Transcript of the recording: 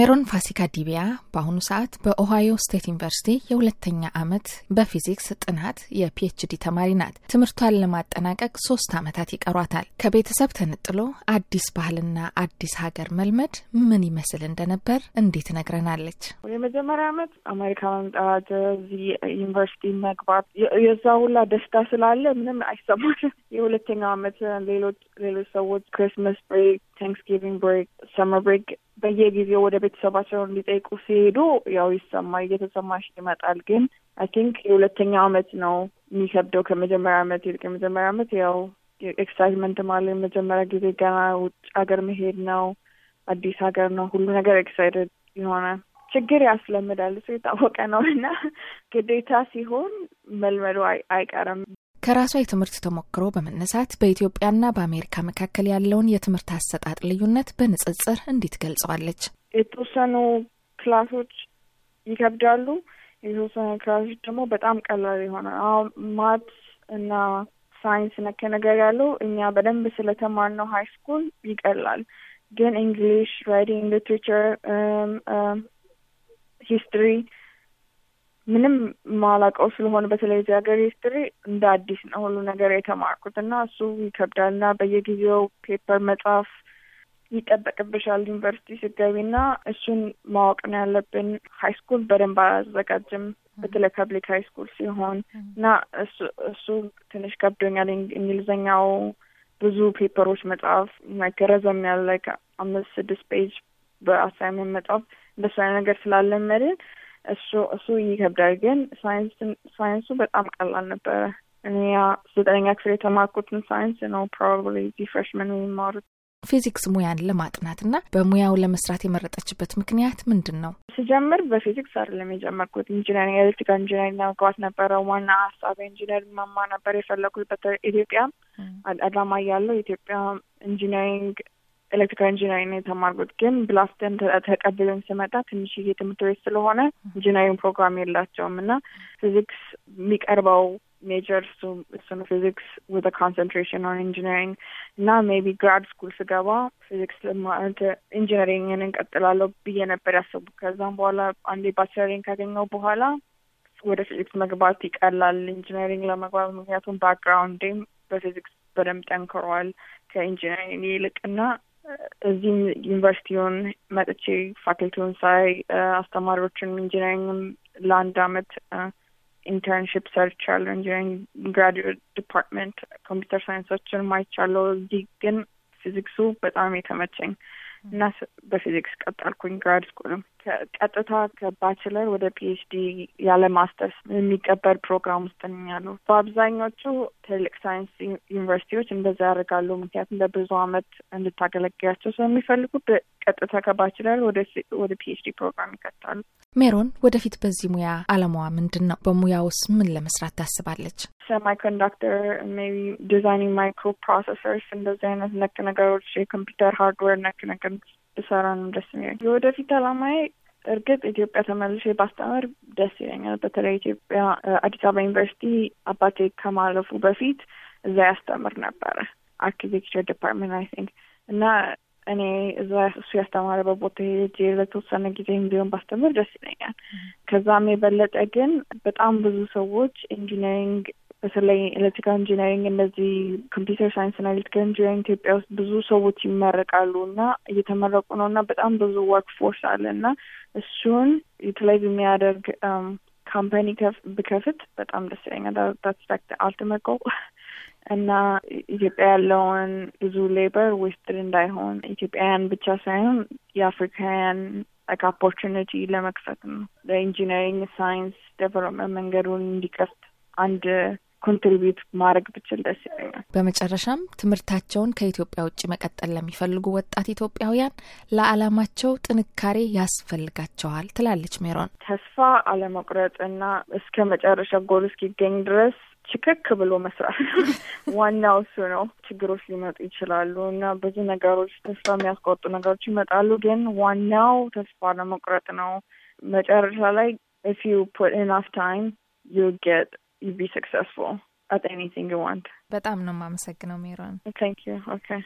ካሜሮን ፋሲካ ዲቢያ በአሁኑ ሰዓት በኦሃዮ ስቴት ዩኒቨርሲቲ የሁለተኛ ዓመት በፊዚክስ ጥናት የፒኤችዲ ተማሪ ናት። ትምህርቷን ለማጠናቀቅ ሶስት ዓመታት ይቀሯታል። ከቤተሰብ ተነጥሎ አዲስ ባህልና አዲስ ሀገር መልመድ ምን ይመስል እንደነበር እንዴት ነግረናለች። የመጀመሪያ ዓመት አሜሪካ መምጣት፣ እዚህ ዩኒቨርሲቲ መግባት የዛ ሁላ ደስታ ስላለ ምንም አይሰማል። የሁለተኛው ዓመት ሌሎች ሌሎች ሰዎች ክሪስማስ ብሬክ፣ ታንክስጊቪንግ ብሬክ፣ ሰመር ብሬክ በየጊዜው ወደ ቤተሰባቸው እንዲጠይቁ ሲሄዱ ያው ይሰማ እየተሰማሽ ይመጣል። ግን አይ ቲንክ የሁለተኛው አመት ነው የሚከብደው ከመጀመሪያ አመት ይልቅ። የመጀመሪያ አመት ያው ኤክሳይትመንት ማለ የመጀመሪያ ጊዜ ገና ውጭ ሀገር መሄድ ነው፣ አዲስ ሀገር ነው፣ ሁሉ ነገር ኤክሳይትድ የሆነ ችግር ያስለምዳል። እሱ የታወቀ ነው እና ግዴታ ሲሆን መልመዱ አይቀርም። ከራሷ የትምህርት ተሞክሮ በመነሳት በኢትዮጵያና በአሜሪካ መካከል ያለውን የትምህርት አሰጣጥ ልዩነት በንጽጽር እንዲት ገልጸዋለች? የተወሰኑ ክላሶች ይከብዳሉ፣ የተወሰኑ ክላሶች ደግሞ በጣም ቀላል ይሆናል። አሁን ማት እና ሳይንስ ነክ ነገር ያለው እኛ በደንብ ስለተማርነው ሀይ ስኩል ይቀላል፣ ግን እንግሊሽ፣ ራይዲንግ፣ ሊትሬቸር፣ ሂስትሪ ምንም ማላቀው ስለሆነ በተለይ እዚህ ሀገር ሂስትሪ እንደ አዲስ ነው ሁሉ ነገር የተማርኩት እና እሱ ይከብዳል እና በየጊዜው ፔፐር መጻፍ ይጠበቅብሻል ዩኒቨርሲቲ ስገቢ እና እሱን ማወቅ ነው ያለብን። ሀይ ስኩል በደንብ አያዘጋጅም በተለይ ፐብሊክ ሀይ ስኩል ሲሆን እና እሱ ትንሽ ከብዶኛል። እንግሊዝኛው ብዙ ፔፐሮች መጽሐፍ ረዘም ያለ አምስት ስድስት ፔጅ በአሳይመንት መጽሐፍ እንደሱ ነገር ስላለመድን እሱ እሱ ይከብዳል። ግን ሳይንሱ በጣም ቀላል ነበረ። እኔ ያ ዘጠነኛ ክፍል የተማርኩትን ሳይንስ ነው ፕሮባብሊ እዚህ ፍሬሽመን የሚማሩት። ፊዚክስ ሙያን ለማጥናትና በሙያው ለመስራት የመረጠችበት ምክንያት ምንድን ነው? ስጀምር በፊዚክስ አይደለም የጀመርኩት። ኢንጂነሪንግ ኤሌክትሪካል ኢንጂነሪንግ ለመግባት ነበረ ዋና ሀሳብ። ኢንጂነሪንግ መማር ነበር የፈለኩት። ኢትዮጵያ አዳማ እያለሁ ኢትዮጵያ ኢንጂነሪንግ ኤሌክትሪካል ኢንጂነሪንግ የተማርኩት ግን ብላስተን ተቀብለን ስመጣ ትንሽዬ ትምህርት ቤት ስለሆነ ኢንጂነሪንግ ፕሮግራም የላቸውም እና ፊዚክስ የሚቀርበው ሜጀር እሱ እሱ ነው ፊዚክስ ዊዝ ኮንሰንትሬሽን ኦን ኢንጂነሪንግ እና ሜቢ ግራድ ስኩል ስገባ ፊዚክስ ኢንጂነሪንግን እንቀጥላለሁ ብዬ ነበር ያሰቡ። ከዛም በኋላ አንዴ ባችለሪንግ ካገኘው በኋላ ወደ ፊዚክስ መግባት ይቀላል ኢንጂነሪንግ ለመግባት ምክንያቱም ባክግራውንድም በፊዚክስ በደንብ ጠንክሯል ከኢንጂነሪንግ ይልቅ እና እዚህም ዩኒቨርሲቲውን መጥቼ ፋክልቲውን ሳይ አስተማሪዎችን ኢንጂነሪንግም ለአንድ አመት ኢንተርንሽፕ ሰርቻለሁ። ኢንጂነሪንግ ግራጁዌት ዲፓርትመንት ኮምፒውተር ሳይንሶችን ማይቻለው። እዚህ ግን ፊዚክሱ በጣም የተመቸኝ እና በፊዚክስ ቀጠልኩኝ ግራድ ስኩልም ቀጥታ ከባችለር ወደ ፒኤችዲ ያለ ማስተርስ የሚቀበል ፕሮግራም ውስጥ ያሉ በአብዛኛዎቹ ትልቅ ሳይንስ ዩኒቨርሲቲዎች እንደዛ ያደርጋሉ። ምክንያቱም ለብዙ አመት እንድታገለግያቸው ስለሚፈልጉ ቀጥታ ከባችለር ወደ ፒኤችዲ ፕሮግራም ይከታሉ። ሜሮን ወደፊት በዚህ ሙያ አለማዋ ምንድን ነው? በሙያ ውስጥ ምን ለመስራት ታስባለች? ሰማይ ሜቢ ዲዛይኒንግ ማይክሮ ፕሮሰሰርስ እንደዚህ አይነት ነክ ነገሮች የኮምፒውተር ሃርድዌር ነክ ነገሮች ብሰራ ነው ደስ የሚለኝ። የወደፊት አላማዬ እርግጥ ኢትዮጵያ ተመልሼ ባስተምር ደስ ይለኛል። በተለይ ኢትዮጵያ አዲስ አበባ ዩኒቨርሲቲ አባቴ ከማለፉ በፊት እዛ ያስተምር ነበረ አርኪቴክቸር ዲፓርትመንት አይ ቲንክ እና እኔ እዛ እሱ ያስተማረ በቦታ ሄጄ ለተወሰነ ጊዜ ቢሆን ባስተምር ደስ ይለኛል። ከዛም የበለጠ ግን በጣም ብዙ ሰዎች ኢንጂነሪንግ በተለይ ኤሌክትሪካል ኢንጂነሪንግ እነዚህ ኮምፒውተር ሳይንስ ና ኤሌክትሪካል ኢንጂነሪንግ ኢትዮጵያ ውስጥ ብዙ ሰዎች ይመረቃሉ እና እየተመረቁ ነው እና በጣም ብዙ ወርክ ፎርስ አለ እና እሱን ዩቲላይዝ የሚያደርግ ካምፓኒ um, ብከፍት በጣም ደስ ይለኛል። ዳትስ ላይክ አልቲሜት እና ኢትዮጵያ ያለውን ብዙ ሌበር ዌስትድ እንዳይሆን ኢትዮጵያውያን ብቻ ሳይሆን የአፍሪካውያን ላይክ ኦፖርቹኒቲ ለመክፈት ነው ለኢንጂነሪንግ ሳይንስ ዴቨሎፕመንት መንገዱን እንዲከፍት አንድ ኮንትሪቢዩት ማድረግ ብችል ደስ ይለኛል። በመጨረሻም ትምህርታቸውን ከኢትዮጵያ ውጭ መቀጠል ለሚፈልጉ ወጣት ኢትዮጵያውያን ለዓላማቸው ጥንካሬ ያስፈልጋቸዋል ትላለች ሜሮን። ተስፋ አለመቁረጥ እስከ መጨረሻ ጎል እስኪገኝ ድረስ ችክክ ብሎ መስራት ዋናው እሱ ነው። ችግሮች ሊመጡ ይችላሉ እና ብዙ ነገሮች ተስፋ የሚያስቆርጡ ነገሮች ይመጣሉ። ግን ዋናው ተስፋ አለመቁረጥ ነው። መጨረሻ ላይ ኢፍ ዩ ፑት ኢናፍ ታይም ዩ ጌት you'd be successful at anything you want በጣም ነው የማመሰግነው ሜሮን። Thank ዩ ኦኬ